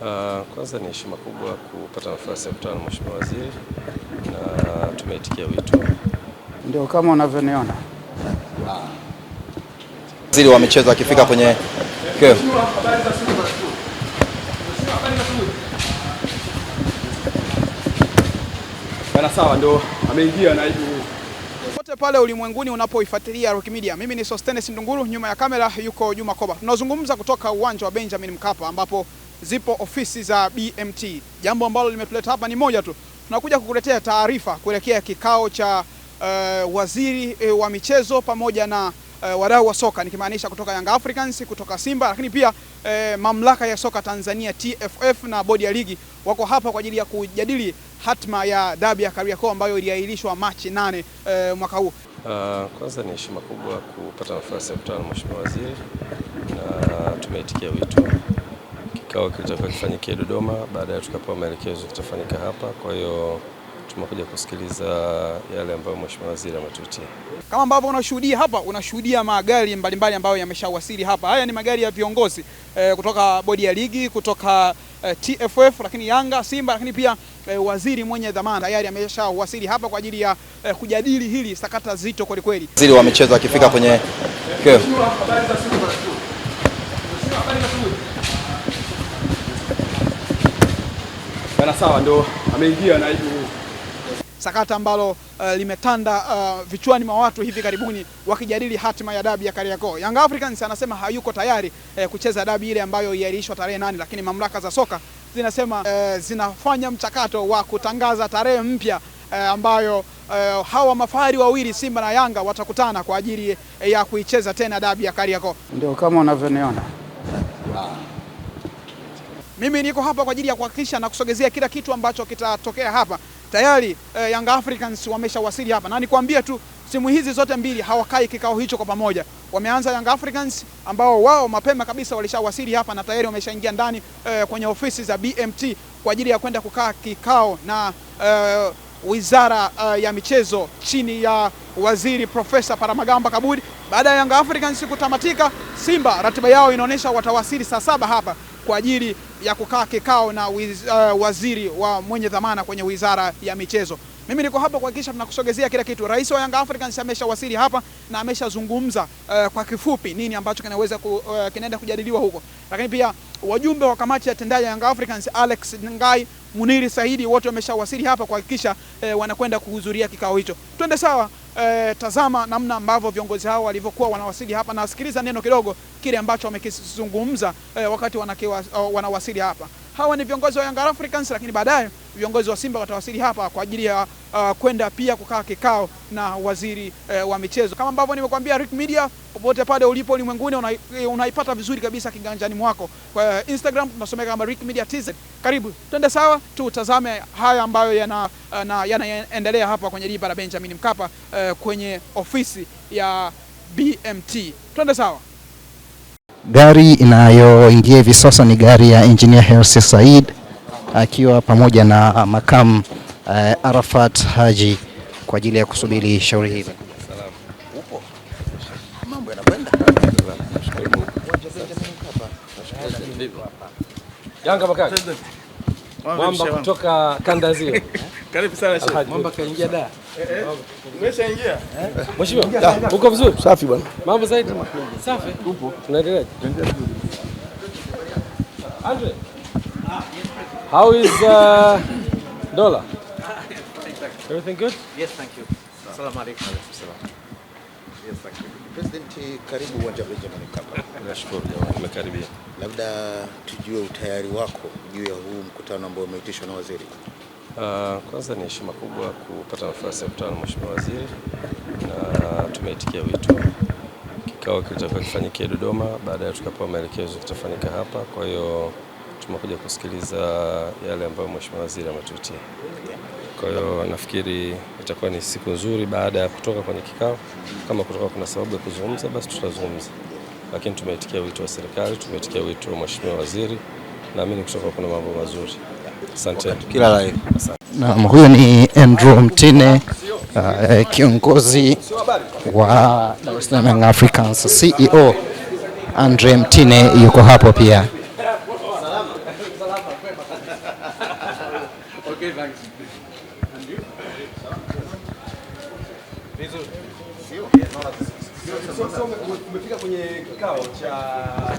Uh, kwanza ni heshima kubwa kupata nafasi ya kukutana na Mheshimiwa Waziri na tumeitikia wito. Ndio kama unavyoniona. Waziri wa michezo akifika kwenye sawa ndio ameingia na pote pale ulimwenguni unapoifuatilia Rock Media. Mimi ni Sostenes Ndunguru, nyuma ya kamera yuko Juma Koba. Tunazungumza kutoka uwanja wa Benjamin Mkapa ambapo zipo ofisi za BMT. Jambo ambalo limetuleta hapa ni moja tu, tunakuja kukuletea taarifa kuelekea kikao cha uh, waziri uh, wa michezo pamoja na uh, wadau wa soka nikimaanisha kutoka Young Africans, kutoka Simba, lakini pia uh, mamlaka ya soka Tanzania TFF na bodi ya ligi wako hapa kwa ajili ya kujadili hatma ya dabi ya Kariakoo ambayo iliahirishwa Machi nane uh, mwaka huu. Uh, kwanza ni heshima kubwa kupata nafasi ya kutana na mheshimiwa waziri na tumeitikia wito Kikao kilitakiwa kifanyike Dodoma, baadaye tukapewa maelekezo kitafanyika hapa. Kwa hiyo tumekuja kusikiliza yale ambayo mheshimiwa waziri ametutia. Kama ambavyo unashuhudia hapa, unashuhudia magari mbalimbali ambayo yameshawasili hapa. Haya ni magari ya viongozi e, kutoka bodi ya ligi, kutoka e, eh, TFF, lakini Yanga, Simba, lakini pia e, waziri mwenye dhamana tayari ameshawasili hapa kwa ajili ya e, kujadili hili sakata zito kwelikweli. Waziri wa michezo akifika kwenye sawa, ndo ameingia na sakata ambalo uh, limetanda uh, vichwani mwa watu hivi karibuni wakijadili hatima ya dabi ya Kariakoo. Young Africans anasema hayuko tayari eh, kucheza dabi ile ambayo iahirishwa tarehe nane, lakini mamlaka za soka zinasema eh, zinafanya mchakato wa kutangaza tarehe mpya eh, ambayo eh, hawa mafahari wawili Simba na Yanga watakutana kwa ajili eh, ya kuicheza tena dabi ya Kariakoo. Ndio kama unavyoniona. Ah. Mimi niko hapa kwa ajili ya kuhakikisha na kusogezea kila kitu ambacho kitatokea hapa. Tayari eh, Young Africans wameshawasili hapa, na nikwambie tu timu hizi zote mbili hawakai kikao hicho kwa pamoja. Wameanza Young Africans ambao wao mapema kabisa walishawasili hapa na tayari wameshaingia ndani eh, kwenye ofisi za BMT kwa ajili ya kwenda kukaa kikao na eh, wizara uh, ya michezo chini ya waziri Profesa Paramagamba Kabudi. Baada ya Young Africans kutamatika, Simba ratiba yao inaonyesha watawasili saa saba hapa kwa ajili ya kukaa kikao na wiz, uh, waziri wa mwenye dhamana kwenye wizara ya michezo. Mimi niko hapa kuhakikisha tunakusogezea kila kitu. Rais wa Young Africans ameshawasili hapa na ameshazungumza uh, kwa kifupi nini ambacho kinaweza ku, uh, kinaenda kujadiliwa huko, lakini pia wajumbe wa kamati ya tendaji ya Young Africans Alex Ngai, Muniri Saidi wote wameshawasili hapa kuhakikisha uh, wanakwenda kuhudhuria kikao hicho. Twende sawa eh, tazama namna ambavyo viongozi hao walivyokuwa wanawasili hapa na wasikiliza neno kidogo kile ambacho wamekizungumza eh, wakati wanawasili hapa hawa ni viongozi wa yanga Africans, lakini baadaye viongozi wa Simba watawasili hapa kwa ajili ya uh, kwenda pia kukaa kikao na waziri uh, wa michezo. Kama ambavyo nimekuambia, Rick Media, popote pale ulipo ulimwenguni, una, unaipata vizuri kabisa kiganjani mwako. Kwa uh, Instagram tunasomeka kama Rick Media TZ. Karibu twende sawa, tutazame haya ambayo uh, yanaendelea yana hapa kwenye liba la Benjamin Mkapa uh, kwenye ofisi ya BMT. Twende sawa. Gari inayoingia hivi sasa ni gari ya engineer Hersi Said akiwa pamoja na uh, makamu uh, Arafat Haji kwa ajili ya kusubiri shauri hili. Yanga kutoka kanda zile. Karibu sana. Sheikh. Mwamba kaingia da. Umeshaingia? Mheshimiwa, uko vizuri? Safi bwana. Mambo zaidi? Safi. Upo. Andre. How is uh, Dola? Everything good? Yes, thank you. Assalamu alaikum. Yes, thank you. President, karibu uwanja wa Benjamin Mkapa. Nashukuru jamani, tumekaribia. Labda tujue utayari wako juu ya huu mkutano ambao umeitishwa na waziri. Uh, kwanza ni heshima kubwa kupata nafasi ya kutana na Mheshimiwa Waziri na tumeitikia wito. Kikao kilitakiwa kifanyikie Dodoma, baadaye tukapewa maelekezo kitafanyika hapa. Kwa hiyo tumekuja kusikiliza yale ambayo Mheshimiwa Waziri ametuitia. Kwa hiyo nafikiri itakuwa ni siku nzuri baada ya kutoka kwenye kikao. Kama kutoka kuna sababu ya kuzungumza, basi tutazungumza, lakini tumeitikia wito wa serikali, tumeitikia wito wa Mheshimiwa Waziri, naamini kutoka kuna mambo mazuri. Asante. Kila la heri. Naam, ni Andrew Mtine uh, kiongozi wa Dar es Salaam Young Africans CEO Andre Mtine yuko hapo pia. Umefika kwenye kikao cha ah,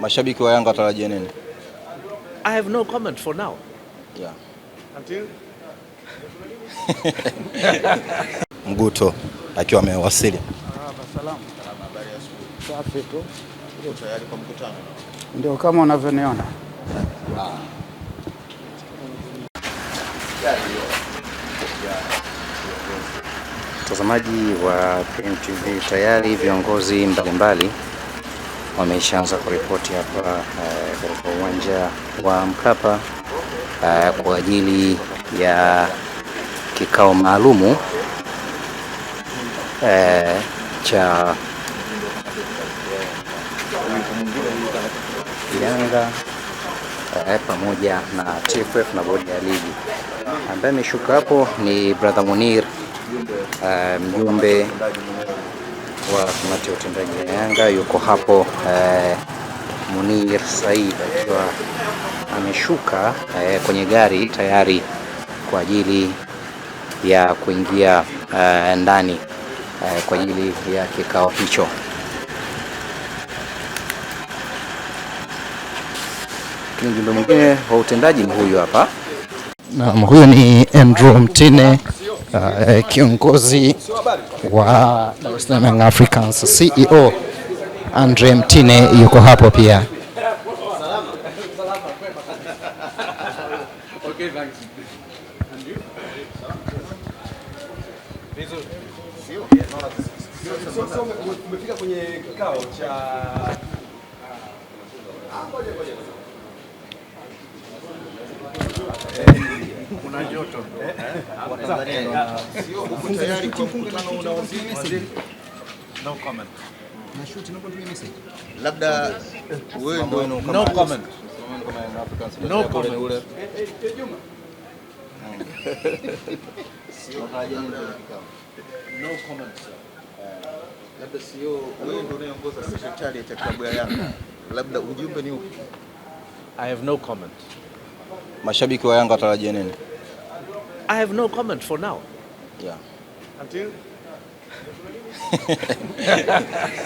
Mashabiki wa Yanga watarajia nini? I have no comment for now. Yeah. Until Mguto akiwa amewasili. Yaani Ndio kama unavyoniona. Mtazamaji wa PMTV, tayari viongozi mbalimbali wameshaanza kuripoti hapa uh, uwanja wa Mkapa uh, kwa ajili ya kikao maalumu uh, cha Yanga uh, pamoja na TFF na bodi ya ligi. Ambaye ameshuka hapo ni brother Munir uh, mjumbe wa kamati ya utendaji ya Yanga yuko hapo eh, Munir Said akiwa ameshuka eh, kwenye gari tayari kwa ajili ya kuingia eh, ndani eh, kwa ajili ya kikao hicho. Mjumbe mwingine wa utendaji ni huyu hapa. Naam, huyu ni Andrew Mtine uh, kiongozi wa Dar es Salaam Young Africans CEO Andre Mtine yuko hapo pia. Eh, kuna joto No comment. Labda wewe ndio no comment. No comment. No comment. Labda sio wewe ndio unayeongoza secretariat ya klabu ya Yanga. Labda ujumbe ni upi? I have no comment. Mashabiki wa Yanga watarajie nini? I have no comment for now. Yeah. Until